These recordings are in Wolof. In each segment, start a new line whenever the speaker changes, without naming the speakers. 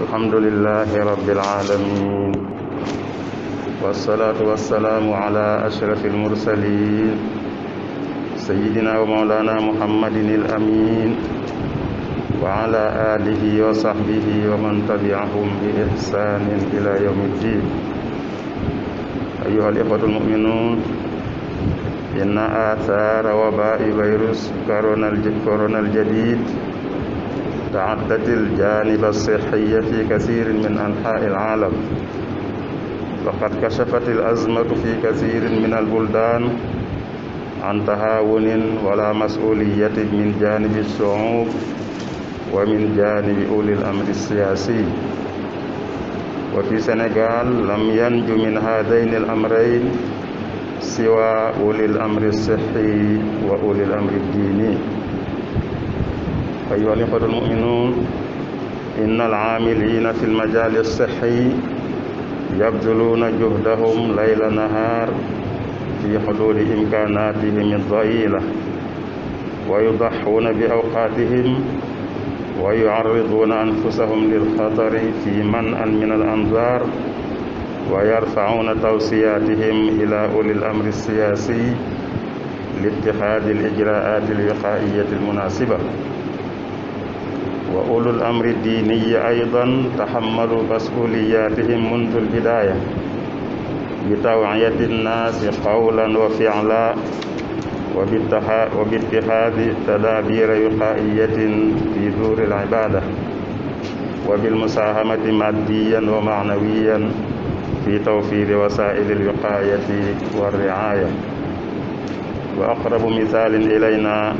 الحمد لله رب العالمين والصلاة والسلام على أشرف المرسلين سيدنا ومولانا محمد الأمين وعلى آله وصحبه ومن تبعهم بإحسان إلى يوم الدين أيها الإخوة المؤمنون إن آثار وباء فيروس كورونا الجديد تعدت الجانب الصحي في كثير من أنحاء العالم فقد كشفت الأزمة في كثير من البلدان عن تهاون ولا مسؤولية من جانب الشعوب ومن جانب أولي الأمر السياسي وفي السنغال لم ينج من هذين الأمرين سوى أولي الأمر الصحي وأولي الأمر الديني أيها الإخوة المؤمنون إن العاملين في المجال الصحي يبذلون جهدهم ليل نهار في حدود إمكاناتهم الضئيلة ويضحون بأوقاتهم ويعرضون أنفسهم للخطر في منأ من الأنظار ويرفعون توصياتهم إلى أولي الأمر السياسي لاتخاذ الإجراءات الوقائية المناسبة وأولو الأمر الديني أيضا تحملوا مسؤولياتهم منذ البداية بتوعية الناس قولا وفعلا وباتخاذ تدابير وقائية في دور العبادة وبالمساهمة ماديا ومعنويا في توفير وسائل الوقاية والرعاية وأقرب مثال إلينا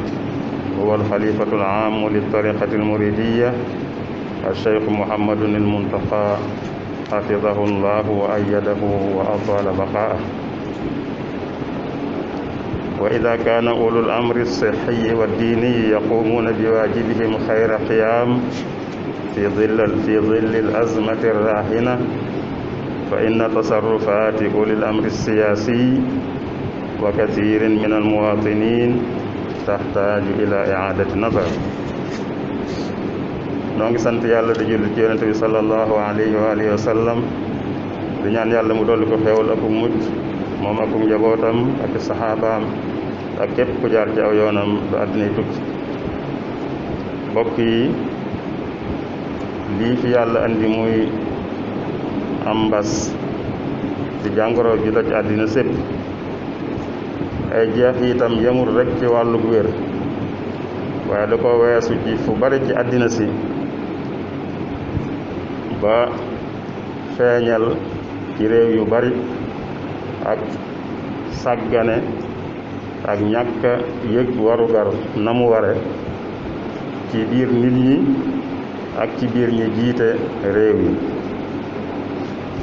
هو الخليفة العام للطريقة المريدية الشيخ محمد المنتقى حفظه الله وأيده وأطال بقاءه وإذا كان أولو الأمر الصحي والديني يقومون بواجبهم خير قيام في ظل في ظل الأزمة الراهنة فإن تصرفات أولي الأمر السياسي وكثير من المواطنين تحتاج إلى yang ada di julli ci yonente bi sallallahu alayhi wa alihi wa sallam di ñaan yàlla mu dolli ko xewal ak mujj moom ak njabootam ak saxaabaam ak képp ku jaar ci aw yoonam ba ay e jeex yi itam yamul rek ci wàllu wér waaye da ko weesu ci fu bari ci addina si ba feeñal ci réew yu bari ak saggane ak ñàkk yëg waru gar na mu ware ci biir nit ñi ak ci biir ñi jiite réew yi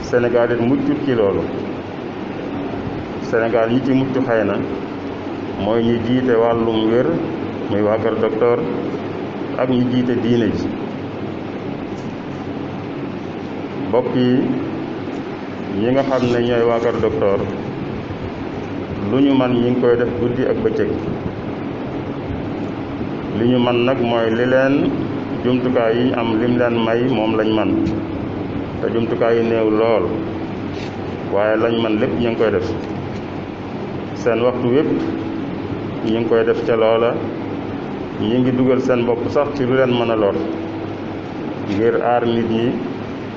sénégal it muccut ci loolu Sénégal yi ci mucc xëy na mooy ñu jiite wàllum wér muy waa kër ak ñu jiite diine ji mbokk yi ñi nga xam ne ñooy waa kër docteur lu ñu man ñi ngi koy def guddi ak bëccëg li ñu man nag mooy li leen jumtukaay yi am lim leen may moom lañ man te jumtukaay yi néew lool waaye lañ man lépp ñu ngi koy def seen waxtu yépp ñu ngi koy def ca loola ñu ngi dugal seen bopp sax ci lu leen mën a lor ngir aar nit ñi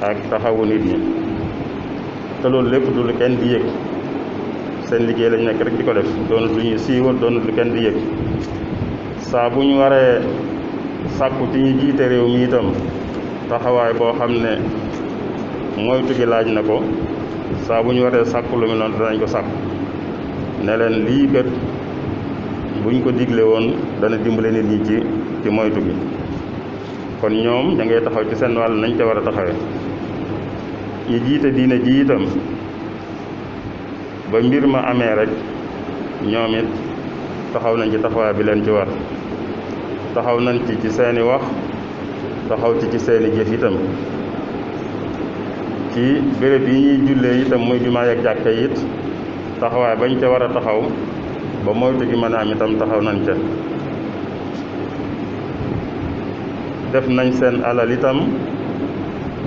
ak taxawu nit ñi te loolu lépp du lu kenn di yëg seen liggéey lañ nekk rek di ko def doonut lu ñuy siiwal doonut lu kenn di yëg saa bu ñu waree sàkku ci ñu jiite réew mi itam taxawaay boo xam ne moytu gi laaj na ko saa bu ñu waree sàkku lu mu noonu danañ ko sàkku ne leen lii kat buñ ko digle woon dana dimbale nit ñi ci ci moytu bi kon ñoom da ngay taxaw ci seen wàll nañ ca war a taxawee ñi jiite diine ji itam ba mbir ma amee rek ñoom it taxaw nañ ci taxawaay bi leen ci war taxaw nañ ci ci seeni wax taxaw ci ci seeni jëf itam ci béréb yi ñuy jullee itam muy jumaa ak jàkka it taxawaay bañ ca war a taxaw ba moytu gi mën a am itam taxaw nañ ca def nañ seen alal itam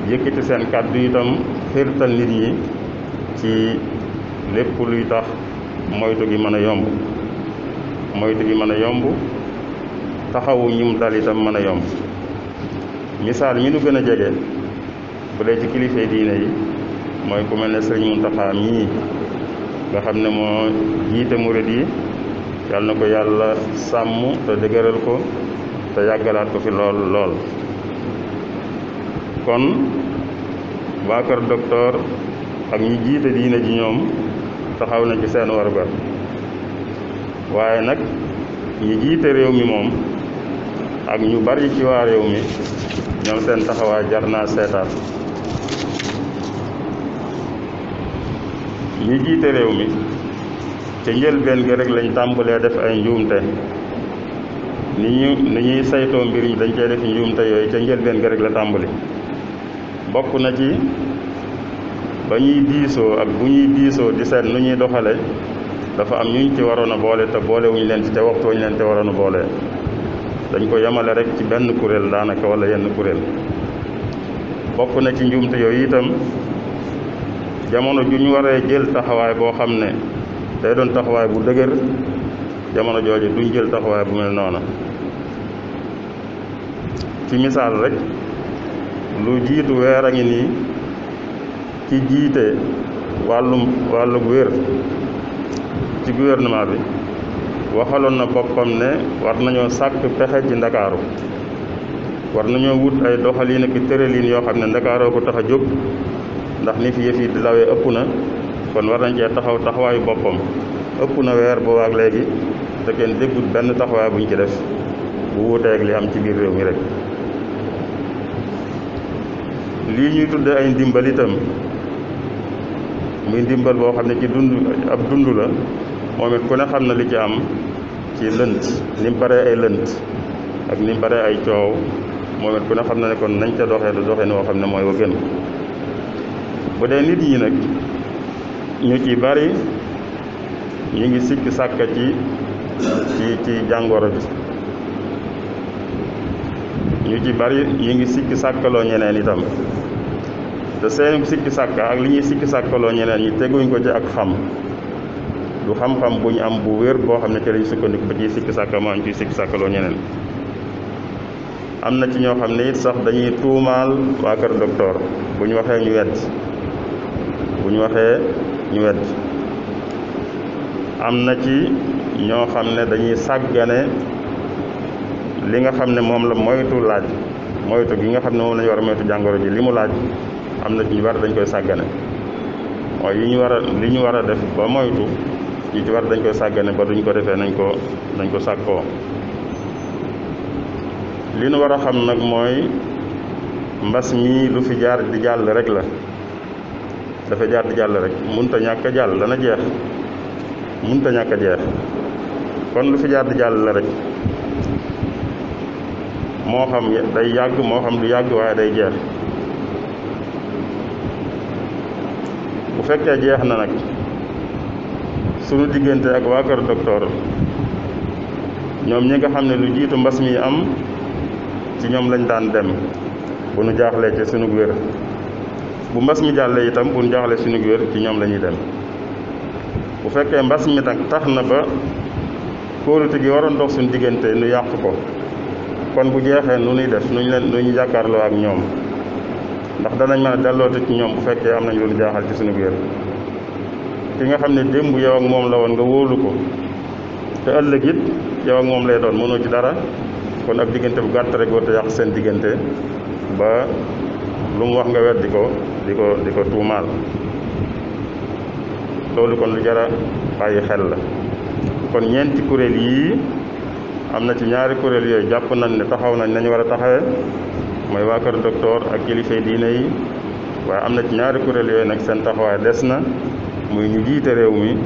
yëkkati seen kàddu itam xirtal nit ñi ci lépp luy tax moytu gi mën a yomb moytu gi mën a yomb taxawu ñum dal itam mën a yomb misaal mi nu gën a jege bu dee ci kilifa diine yi mooy ku mel ne sëriñ Muntaxa mii nga xam ne moo jiite murit yi yàlla na ko yàlla sàmm te dëgëral ko te yàggalaat ko fi lool lool kon waa kër docteur ak ñu jiite diine ji ñoom taxaw na ci seen warugar waaye nag ñu jiite réew mi moom ak ñu bari ci waa réew mi ñoom seen taxawaay jar naa seetaat ñi jiite réew mi ca njëlbeen gi rek lañ tàmbalee def ay njuumte ni ñu ni ñuy saytoo mbir mi dañ cee def njuumte yooyu ca njëlbeen gi rek la tàmbali bokk na ci ba ñuy diisoo ak bu ñuy diisoo di seet nu ñuy doxale dafa am ñu ci waroon a boole te boolewuñu leen ci te waxtu wuñu leen te waroon a boole dañ ko yemale rek ci benn kuréel daanaka wala yenn kuréel bokk na ci njuumte yooyu itam jamono ju ñu waree jël taxawaay boo xam ne day doon taxawaay bu dëgër jamono jooju duñ jël taxawaay bu mel noonu ci misaal rek lu jiitu weer a ngi nii ci jiite wàllum wàllu wér ci gouvernement bi waxaloon na boppam ne war nañoo sàkk pexe ci ndakaaru war nañoo wut ay doxalin ak tëralin yoo xam ne ndakaaroo ko tax a jóg ndax ni fi yëf lawee ëpp na kon war nañ cee taxaw taxawaayu boppam ëpp na weer boobaak léegi te kenn déggut benn taxawaay buñ ci def bu wuuteeg li am ci biir réew mi rek lii ñuy tudde ay ndimbal itam muy ndimbal boo xam ne ci dund ab dund la moom it ku ne xam na li ci am ci lënt ni mu baree ay lënt ak ni mu baree ay coow moom it ku ne xam na ne kon nañ ca doxee du doxee ni woo xam ne mooy wa gën bu dee nit yi nak ñu ci bari ñi ngi sikki sakka ci ci ci jangoro bi ñu ci bari ñi ngi sikki lo ñeneen itam te seen sikki sakka ak li ñuy sikki lo ñeneen ñi teguñ ko ci ak xam du xam-xam buñ am bu wër bo xamne ci lañu sukkandiku ba ci sikki sakka mo am ciy sikki lo ñeneen amna ci ñoo xamne it sax dañuy tuumal wa kër docteur buñ ñu ñu wedd bu ñu waxee ñu wedd am na ci ñoo xam ne dañuy sàggane li nga xam ne moom la moytu laaj moytu gi nga xam ne moom la ñu war a moytu jàngoro ji li mu laaj am na ci ñu bari dañ koy sàggane mooy yi ñu war a li ñu war a def ba moytu ñu ci war dañ koy sàggane ba duñ ko defee nañ ko nañ ko sàkkoo li ñu war a xam nag mooy mbas mii lu fi jaar di jàll rek la dafa jaar di jall rek munta ñaka jall dana jeex munta ñaka jeex kon lu fi jaar di jall rek mo xam day yag mo xam du yag waaye day jeex bu fekke jeex na nak suñu digënté ak wa kër docteur ñom ñi nga xam ne lu jitu mbass mi am ci ñom lañ daan dem bu nu jaaxlee ci suñu wér bu mbass mi jalle itam pour jaxle suñu wër ci ñom la dem bu fekke mbass mi tak taxna ba kóolute gi waron dox suñu diggante ñu yaq ko kon bu jexé ñu ñuy def nuñ leen nu jakarlo ak ñom ndax danañ mën a delloote ci ñom bu fekke am nañ lu jaxal ci suñu wër ki nga xam ne yow ak mom la won nga wolu ko te ëllëg yow ak mom lay doon mëno ci dara kon ab diggante bu gatt rek wota yaq seen diggante ba lu mu wax nga wet di ko di ko di ko tuumaal loolu kon lu jara bàyyi xel la kon ñeenti kuréel yii am na ci ñaari kuréel yooyu jàpp nañ ne taxaw nañ nañu war a taxawee mooy waa kër docteur ak kilifay diine yi waaye am na ci ñaari kuréel yooyu nag seen taxawaay des na muy ñu jiite réew mi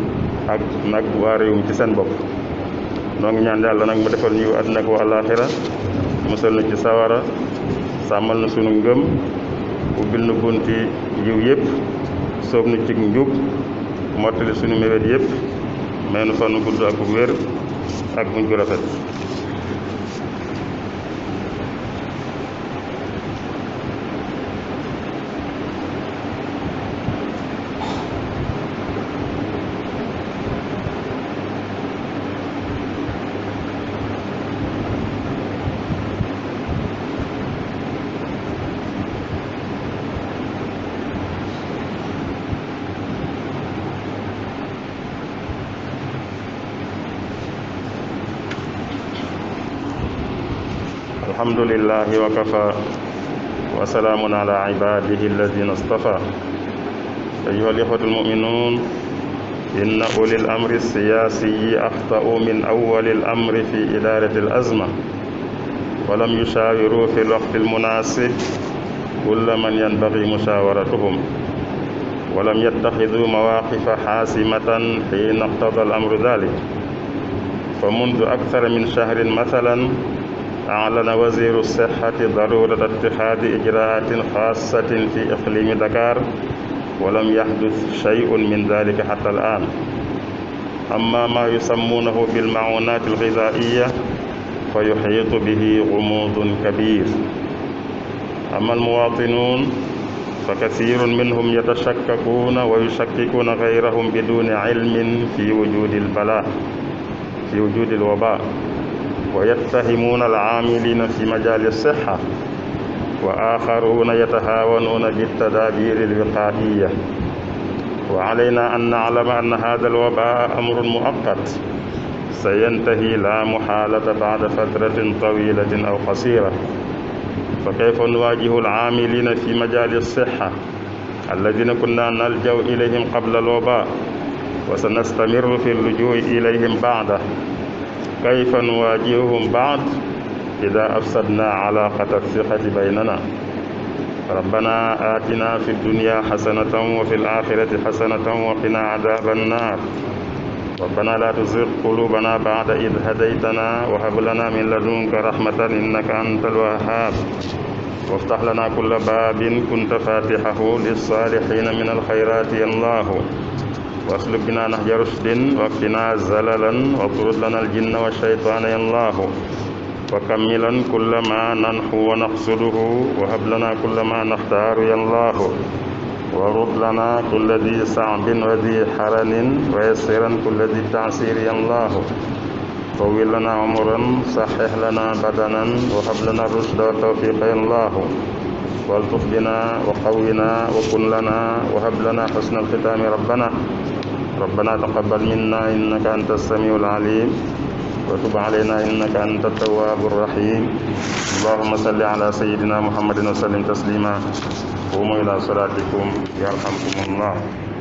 ak nag waa réew mi ci seen bopp noo ngi ñaan yàlla nag mu defal ñu àddina ak wa alaaxira musal na ci sawara sàmmal na sunu ngëm ubbil nu bunti yiw yëpp soob nu cig njub mottali suñu mébét yëpp may nu fanu gudd ak wér ak muñ gu rafet الحمد لله وكفى وسلام على عباده الذين اصطفى أيها الإخوة المؤمنون إن أولي الأمر السياسي أخطأوا من أول الأمر في إدارة الأزمة ولم يشاوروا في الوقت المناسب كل من ينبغي مشاورتهم ولم يتخذوا مواقف حاسمة حين اقتضى الأمر ذلك فمنذ أكثر من شهر مثلاً أعلن وزير الصحة ضرورة اتخاذ إجراءات خاصة في إقليم دكار ولم يحدث شيء من ذلك حتى الآن أما ما يسمونه بالمعونات الغذائية فيحيط به غموض كبير أما المواطنون فكثير منهم يتشككون ويشككون غيرهم بدون علم في وجود البلاء في وجود الوباء ويتهمون العاملين في مجال الصحة وآخرون يتهاونون بالتدابير الوقائية وعلينا أن نعلم أن هذا الوباء أمر مؤقت سينتهي لا محالة بعد فترة طويلة أو قصيرة فكيف نواجه العاملين في مجال الصحة الذين كنا نلجأ إليهم قبل الوباء وسنستمر في اللجوء إليهم بعده كيف نواجههم بعد إذا أفسدنا علاقة الثقة بيننا ربنا آتنا في الدنيا حسنة وفي الآخرة حسنة وقنا عذاب النار ربنا لا تزغ قلوبنا بعد إذ هديتنا وهب لنا من لدنك رحمة إنك أنت الوهاب وافتح لنا كل باب كنت فاتحه للصالحين من الخيرات يا الله واخلق بنا نهج رشد واكفنا زللا واطرد لنا الجن والشيطان يا الله وكملا كل ما ننحو ونقصده وهب لنا كل ما نختار يا الله ورد لنا كل ذي صعب وذي حرن ويسرا كل ذي تعسير يا الله طول لنا عمرا صحح لنا بدنا وهب لنا الرشد والتوفيق يا الله والطف بنا وقونا وكن لنا وهب لنا حسن الختام ربنا ربنا تقبل منا إنك أنت السميع العليم وتب علينا إنك أنت التواب الرحيم اللهم صل على سيدنا محمد وسلم تسليما قوموا إلى صلاتكم يرحمكم الله